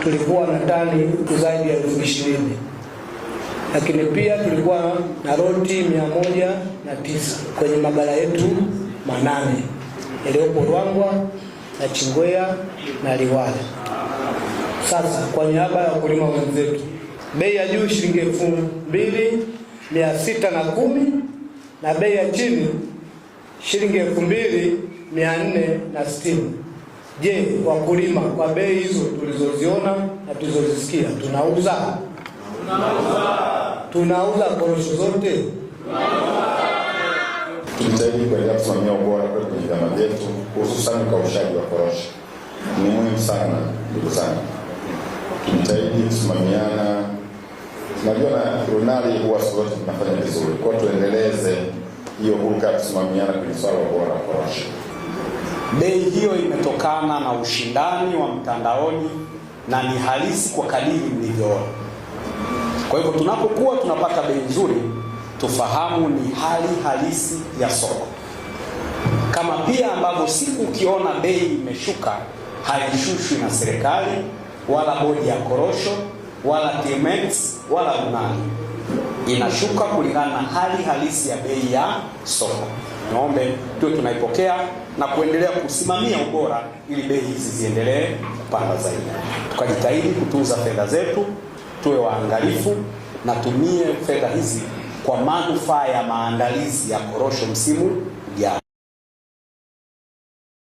tulikuwa na tani zaidi ya elfu ishirini lakini pia tulikuwa na roti mia moja na tisa kwenye magala yetu manane yaliyopo Ruangwa na Chingwea na Liwale. Sasa kwa niaba ya wakulima wenzetu, bei ya juu shilingi elfu mbili mia sita na kumi na bei ya chini shilingi elfu mbili mia nne na sitini. Je, wakulima kwa bei hizo tulizoziona na tulizozisikia tunauza? Tunauza. Tunauza korosho zote? Tujitahidi kuendelea kusimamia ubora kwenye vyama vyetu, hususan ukaushaji wa korosho ni muhimu sana ndugu zangu. Tujitahidi kusimamiana, najua na runali huwa sote tunafanya vizuri kwa tuendeleze hiyo hulka kusimamiana kwenye swala ubora wa korosho. Bei hiyo imetokana na ushindani wa mtandaoni na ni halisi kwa kadiri mlivyoona. Kwa hivyo tunapokuwa tunapata bei nzuri, tufahamu ni hali halisi ya soko, kama pia ambavyo siku ukiona bei imeshuka, haishushwi na serikali wala bodi ya korosho wala TMX wala unani inashuka kulingana na hali halisi ya bei ya soko. Niombe tuwe tunaipokea na kuendelea kusimamia ubora ili bei hizi ziendelee kupanda zaidi. Tukajitahidi kutunza fedha zetu, tuwe waangalifu na tumie fedha hizi kwa manufaa ya maandalizi ya korosho msimu ujao.